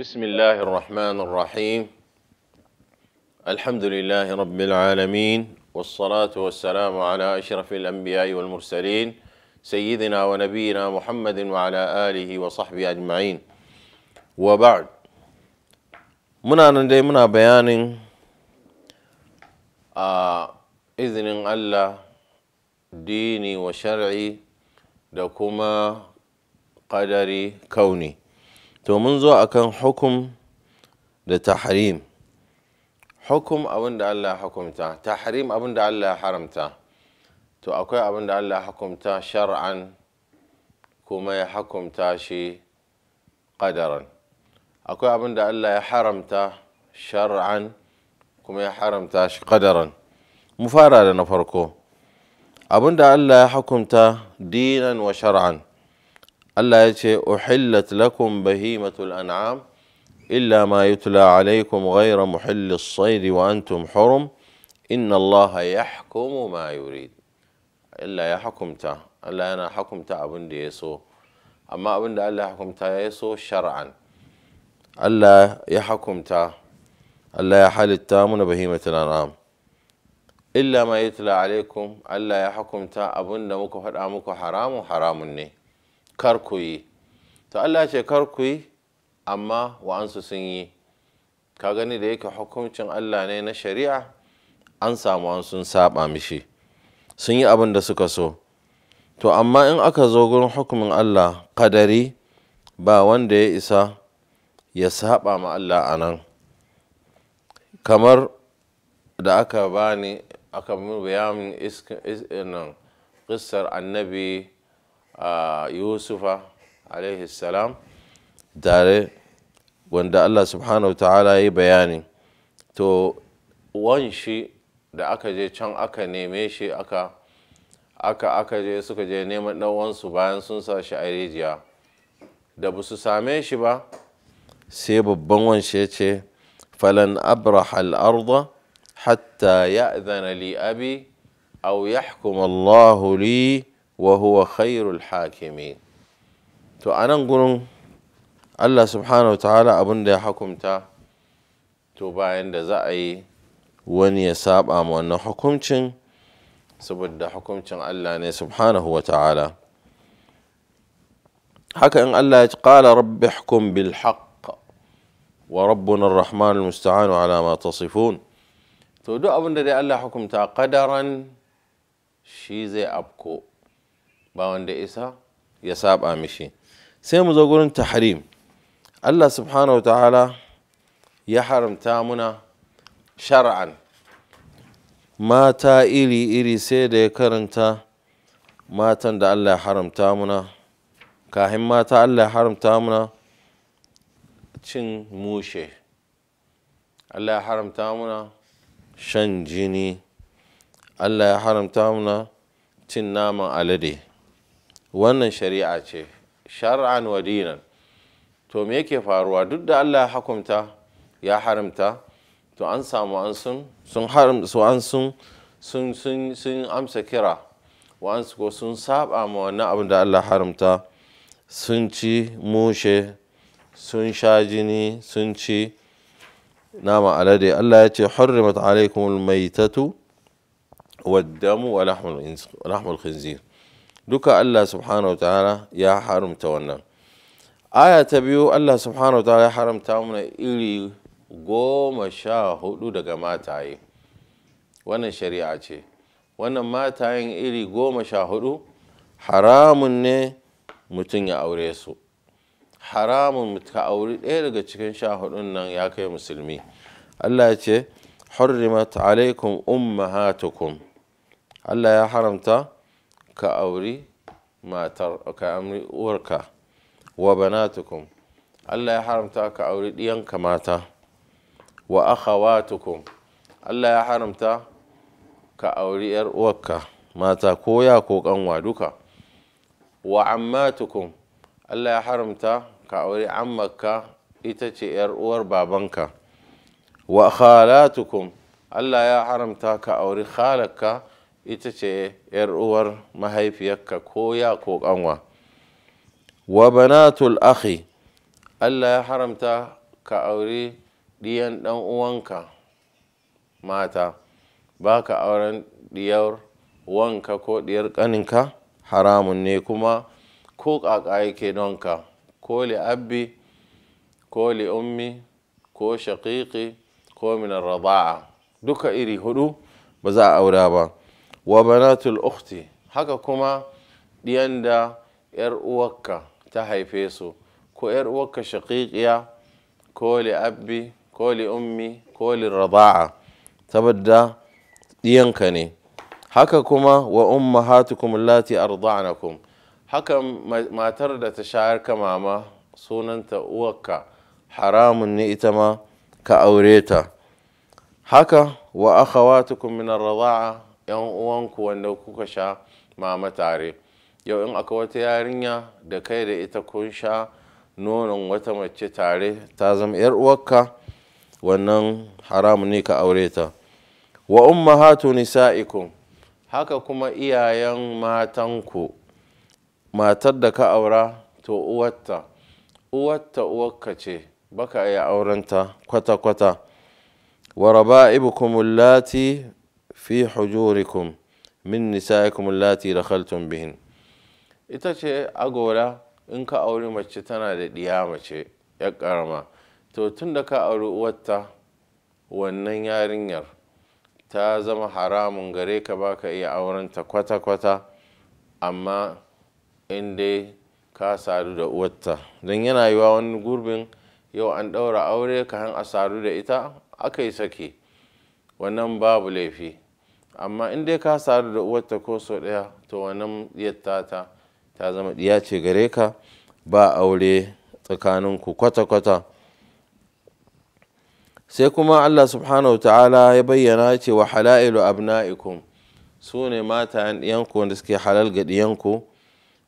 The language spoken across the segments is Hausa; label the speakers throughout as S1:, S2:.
S1: بسم الله الرحمن الرحيم الحمد لله رب العالمين والصلاة والسلام على أشرف الأنبياء والمرسلين سيدنا ونبينا محمد وعلى آله وصحبه أجمعين وبعد منا ندي منا بيان آه، إذن الله ديني وشرعي دكما قدري كوني to mun zo akan hukum da tahrim hukum abin da Allah hukumta tahrim abin da Allah haramta to akwai abin da Allah hukumta shar'an kuma ya hukumta shi qadaran akwai abin da Allah ya haramta shar'an kuma ya haramta shi qadaran mu fara da na farko abin da Allah ya hukumta dinan wa shar'an Allah ya ce uhillat lakum bahimatul an'am illa ma yutla alaikum ghayra muhillis wa antum hurum inna Allah yahkumu ma yurid Allah ya hukumta Allah yana hukumta abin da ya so amma abin da Allah ya hukumta ya so shar'an Allah ya hukumta Allah ya halitta muna bahimatul an'am illa ma yutla alaikum Allah ya hukumta abin da muka faɗa muku haramun haramun ne kar ku yi to Allah ce kar ku yi amma wa'ansu sun yi ka gani da yake hukuncin Allah ne na shari'a an samu an sun saba mishi sun yi abin da suka so to amma in aka zo gurin hukumin Allah kadari ba wanda ya isa ya saba ma Allah a nan kamar da aka bani aka min bayanin eh, annabi Ah, yusufa alaihi salam tare wanda allah subhanahu ta'ala ya yi bayani to wan shi da aka je can aka neme shi aka aka aka je suka je neman ɗan'uwansu bayan sun sa shi a rijiya da ba su same shi ba sai babban wanshe ce falan abraha al'arda hatta ya'zana li abi ya yahkum Allahu li wa huwa khairul hakimi to a nan gurin allah subhanahu ta'ala abin da ya hukunta to bayan da za a yi wani ya saba ma wannan hukuncin saboda hukuncin allah ne subhanahu wa ta'ala haka in allah ya ci ƙala rabbi hukum bil haqq wa rabbuna rahman musta'anu ala ma tasifun to duk abinda da dai allah hukunta ƙadaran shi zai afko ba wanda isa ya saba mishi sai mu zo gurin tahrim Allah subhanahu wa ta'ala ya haramta muna shar'an mata iri-iri sai da ya karanta matan da Allah ya haramta muna kahin mata Allah ya haramta muna cin mushe Allah ya haramta muna shan jini Allah ya haramta muna cin naman alade wannan shari'a ce shari'an wa dinan to me yake faruwa duk da Allah ya hakumta ya haramta to an samu an sun sun haram an sun sun sun amsa kira wa an ko sun saba ma wannan abin da Allah haramta sun ci mushe sun sha jini sun ci nama alade Allah ya ce hurrimat alaikumul maitatu wa damu wa lahmul khinzir duka Allah subhanahu ta'ala ya haramta wannan aya ta biyu Allah subhanahu ta'ala ya haramta mana iri goma sha hudu daga mataye wannan shari'a ce wannan matayen iri goma sha hudu haramun ne mutum ya aure su haramun ka auri ɗaya daga cikin sha hudun nan ya kai musulmi Allah ya ce hurrimat alaikum ummahatukum Allah ya haramta ka auri matar ka amri uwarka wa banatukum Allah ya haramta ka auri ɗiyanka mata wa akhawatukum Allah ya haramta ka auri ‘yar uwarka mata ko ya ko kanwa duka wa ammatukum Allah ya haramta ka auri ammarka ita ce ‘yar uwar babanka wa khalatukum Allah ya haramta ka auri khalakka ita ce ‘yar uwar mahaifiyarka ko ya ko ƙanwa. wa banatul akhi Allah ya haramta ka aure ɗiyan ɗan uwanka mata ba ka auren ɗiyar wanka ko ɗiyar ƙaninka haramun ne kuma ko ƙaƙa yake donka ko li abbi ko li ummi ko shaƙiƙi ko minar raba'a duka iri hudu ba za a aura ba wa banatul ukhti haka kuma ɗiyan da ‘yar uwarka ta haife su ko ‘yar uwarka shaƙiƙiya ko li abbi ko li ummi ko li raba'a saboda ɗiyanka ne haka kuma wa ummahatukum lati arda'nakum haka matar da ta shayar ka mama sunanta uwarka haramun ne ita ma ka aure ta haka wa akhawatukum min ar 'yan uwanku wanda kuka sha mama tare yau in aka wata yarinya da kai da ita kun sha nonon wata mace tare ta zama 'yar uwarka wannan haramu ne ka aure ta wa ummahatu nisa'ikum haka kuma iyayen matanku matar da ka aura to uwarta uwarta uwarka ce baka iya aurenta kwata-kwata wa raba'ibukum allati fi hujurikum min nisa'ikum allati haltun bihin ita ce agora in ka auri mace tana da ɗiya mace ya karama to tun da ka auri uwarta wannan yarinyar ta zama haramun gare ka ba ka iya aurenta kwata-kwata amma in dai ka sadu da uwarta don yana yiwa wani gurbin yau an ɗaura aure ka han a sadu da ita aka yi sake wannan babu laifi amma in dai ka sadu da uwarta ko so ɗaya to wannan yatta ta ta zama ɗiya ce gare ka ba aure tsakaninku kwata-kwata sai kuma allah subhanahu wa ta'ala ya bayyana ce wa hala'ilu abna'ikum su ne matayen ɗiyanku wanda suke halal ga ɗiyanku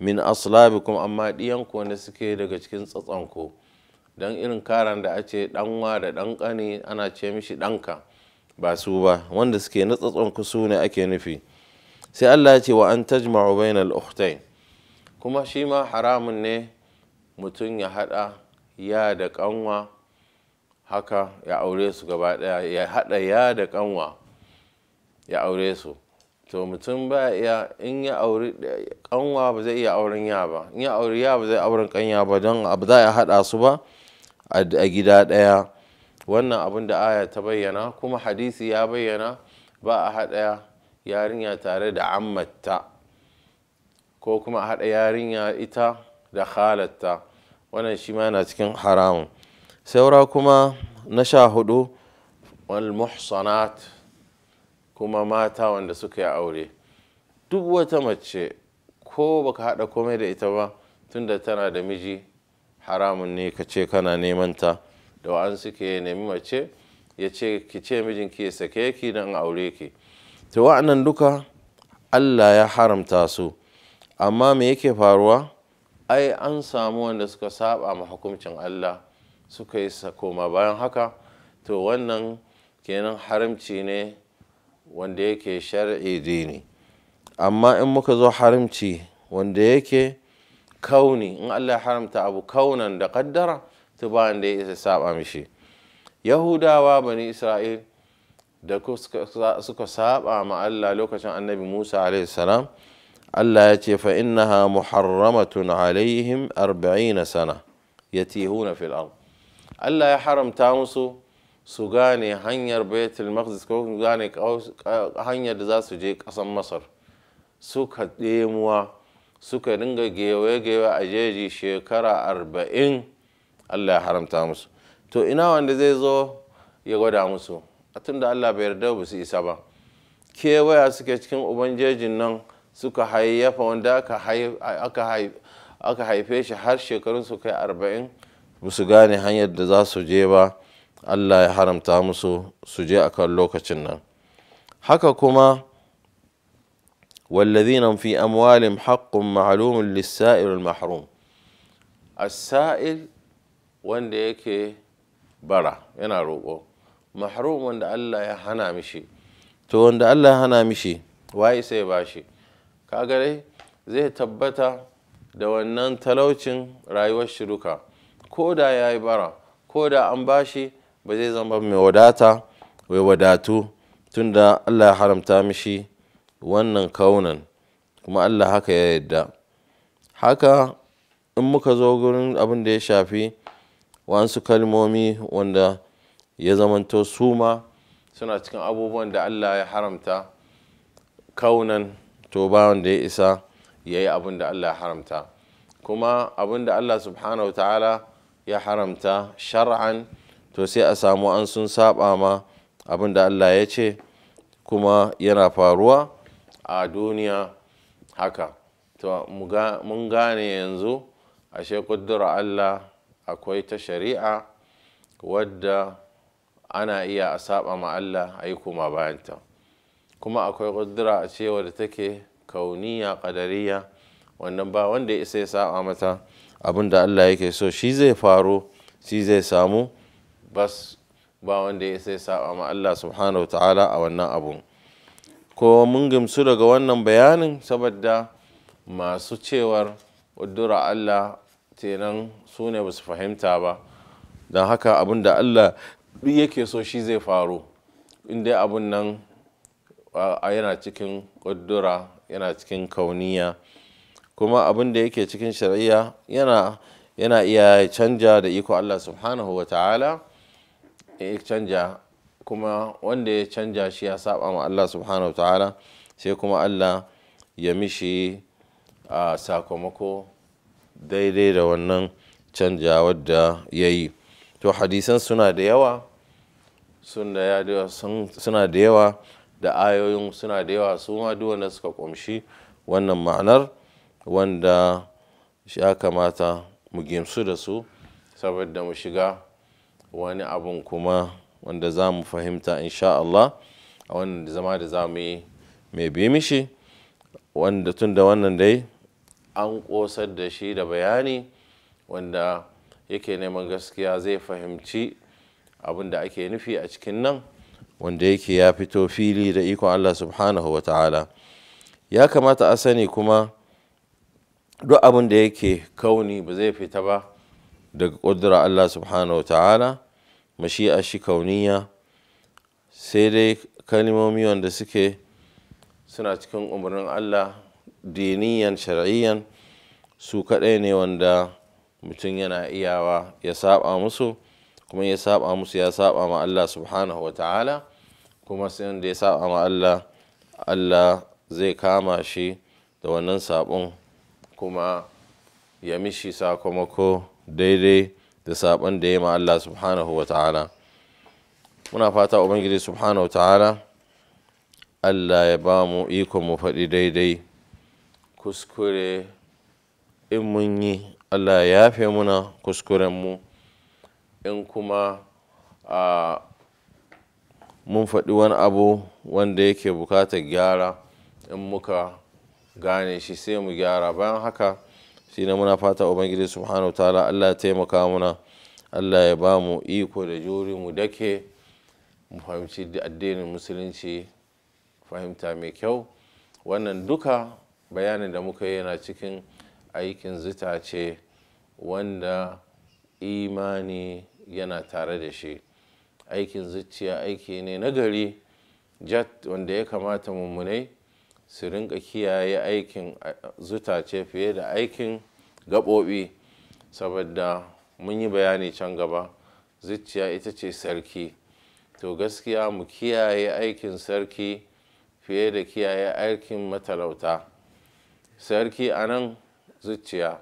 S1: min aslabikum amma ɗiyanku wanda suke daga cikin tsatsanku don irin karan da a ce ɗanwa da ɗanƙani ana ce mishi ɗanka ba su ba wanda suke na tsatson su ne ake nufi sai Allah ya ce wa an tajma'u bainal ukhtain kuma shi ma haramun ne mutum ya hada ya da kanwa haka ya aure su gaba daya ya hada ya da kanwa ya aure su to mutum ba iya in ya auri kanwa ba zai iya auren ya ba in ya auri ya ba zai auren kanya ba don abu za a hada su ba a gida daya wannan abin da aya ta bayyana kuma hadisi ya bayyana ba a haɗa yarinya tare da ammata ko kuma a haɗa yarinya ita da halatta wannan shi ma yana cikin haramun saura kuma na sha hudu wal muhsanat kuma mata wanda suka yi aure duk wata mace ko baka haɗa komai da ita ba tunda tana da miji haramun ne ka ce kana neman ta da wa'an suke nemi mace ya ce ki ce mijinki ya sake ki don aure ki to wa'annan duka allah ya haramta su amma me yake faruwa ai an samu wanda suka saba ma hukuncin allah suka yi koma bayan haka to wannan kenan haramci ne wanda yake shar'i dini amma in muka zo haramci wanda yake kauni in allah ya haramta abu kaunan da kaddara to ba wanda ya isa saba mishi yahudawa bani isra'il da suka saba ma Allah lokacin annabi Musa salam Allah ya ce fa innaha muharramatun alaihim arba'ina sana yatihuna fil ard Allah ya haramta musu su gane hanyar baitul maqdis ko gane hanyar da za su je ƙasar masar suka ɗemuwa suka dinga gewe-gewe a jeji shekara arba'in Allah ya haramta musu to ina wanda zai zo ya gwada musu a tunda Allah bai yarda ba su isa ba kewaya suke cikin ubangijin nan suka hayyafa wanda aka haife shi har shekarun su kai arba'in ba su gane hanyar da za su je ba Allah ya haramta musu su je a kan lokacin nan haka kuma والذين في أموالهم حق معلوم mahrum المحروم sail wanda yake bara yana roƙo mahrum wanda Allah ya hana mishi to wanda Allah ya hana mishi waye sai ba shi kaga dai zai tabbata da wannan talaucin rayuwar shiruka ko da ya yi bara ko da an bashi ba zai zama mai wadata wai wadatu tunda Allah ya haramta mishi wannan kaunan kuma Allah haka ya yadda haka in muka zo gurin abin da ya shafi wasu kalmomi wanda ya zamanto su ma suna cikin abubuwan da Allah ya haramta kaunan to ba wanda ya isa ya yi abin da Allah ya haramta kuma abin da Allah subhanahu ta'ala ya haramta shar'an to sai a samu an sun saba ma abin da Allah ya ce kuma yana faruwa a duniya haka to mun gane yanzu ashe kuddura Allah akwai ta shari'a wadda ana iya a saba ma Allah a yi kuma bayanta kuma akwai ƙudura a cewa da take kauniya ƙadariya wannan ba wanda ya isa ya saba mata abin da Allah yake so shi zai faru shi zai samu bas ba wanda ya isa ya saba ma Allah subhanahu wa ta'ala a wannan abun ko mun gamsu daga wannan bayanin saboda masu cewar ƙudura Allah kenan su ne ba su fahimta ba don haka abin da allah duk yake so shi zai faru inda abin nan yana cikin ƙuddura yana cikin kauniya kuma abin da yake cikin shari'a yana iya canja da iko allah subhanahu wa ta'ala ya canja kuma wanda ya canja shi ya saba ma allah subhanahu wa ta'ala sai kuma allah ya mishi a sakamako daidai da wannan canjawar da ya yi to hadisan suna da yawa suna da yawa da ayoyin suna da yawa su ma duk suka kumshi wannan ma'anar wanda ya kamata mu gimsu da su saboda mu shiga wani abun kuma wanda za mu fahimta insha Allah a wannan zama da za mu yi mai bi mishi wanda tun da wannan dai an ƙosar da shi da bayani wanda yake neman gaskiya zai fahimci abin da ake nufi a cikin nan wanda yake ya fito fili da ikon Allah subhanahu wa ta'ala ya kamata a sani kuma duk abin da yake kauni ba zai fita ba daga ƙudura Allah subhanahu wa ta'ala a shi kauniya sai dai kalmomi wanda suke suna cikin umarnin Allah diniyan shar'iyyan su kaɗai ne wanda mutum yana iyawa ya saba musu kuma ya saba musu ya saba ma Allah subhanahu wa ta'ala kuma sai da ya saba ma Allah Allah zai kama shi da wannan sabon kuma ya mishi sakamako daidai da sabon da ya ma Allah subhanahu wa ta'ala muna fata ubangiji subhanahu wa ta'ala Allah ya ba mu ikon mu faɗi daidai kuskure in mun yi allah ya yafe muna kuskurenmu in kuma a mun faɗi wani abu wanda yake bukatar gyara in muka gane shi sai mu gyara bayan haka shi ne muna fata ubangiji subhanahu ta'ala allah taimaka muna allah ya ba mu iko da juri mu dake mu fahimci addinin musulunci fahimta mai kyau wannan duka bayanin da muka yi yana cikin aikin zitace wanda imani yana tare da shi aikin zuciya aiki ne nagari gari jat wanda ya kamata mummunai su rinka kiyaye aikin zutace fiye da aikin gaɓoɓi saboda mun yi bayani can gaba zuciya ita ce sarki to gaskiya mu kiyaye aikin sarki fiye da kiyaye aikin matalauta sarki a nan zuciya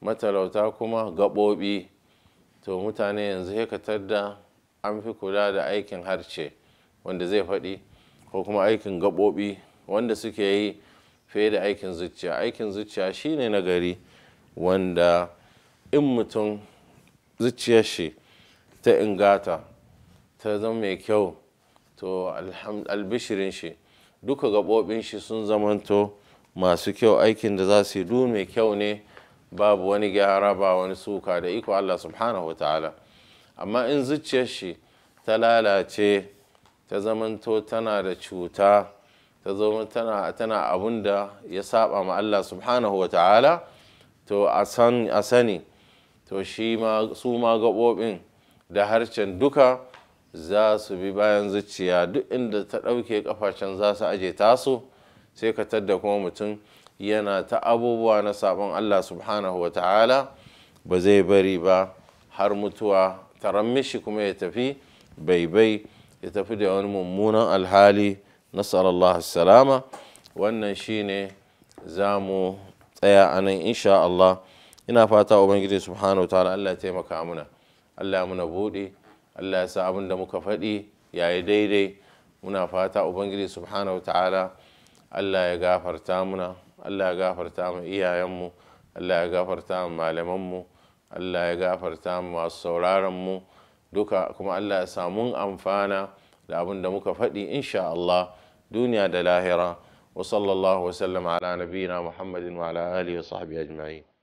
S1: matalauta kuma gaɓoɓi to mutane yanzu hekatar da an fi kula da aikin harce wanda zai faɗi ko kuma aikin gaɓoɓi wanda suke yi fiye da aikin zuciya aikin zuciya shine na gari wanda in mutum zuciyar shi ta ingata ta zama mai kyau to albishirin shi duka gaɓoɓin shi sun zamanto masu kyau aikin da za su yi du mai kyau ne babu wani gyara ba wani suka da iko Allah subhanahu wa ta'ala amma in zuciyar shi ta lalace ta zamanto tana da cuta ta zama tana tana abun da ya saba ma Allah subhanahu wa ta'ala to a sani to shi ma su ma gaɓoɓin da harcen duka za su bi bayan zuciya duk inda ta ɗauke ƙafashen za su aje tasu sai ka tadda kuma mutum yana ta abubuwa na sabon Allah subhanahu wa ta'ala ba zai bari ba har mutuwa ta mishi kuma ya tafi bai bai ya tafi da wani mummunan alhali nasarar salama wannan shine za mu tsaya a nan insha Allah ina fata ubangiji subhanahu wa ta'ala Allah ya taimaka muna Allah muna buɗe Allah ya sa abin da muka faɗi yayi daidai muna fata ubangiji subhanahu wa ta'ala allah ya gafarta muna allah ya gafarta mu iyayenmu allah ya gafarta mu malamanmu allah ya gafarta mu masu sauraron mu duka kuma allah ya samu amfana da abin da muka faɗi insha allah duniya da lahira wa sallallahu wa ala nabiyina muhammadin wa ala alihi wa sahbihi ajma'in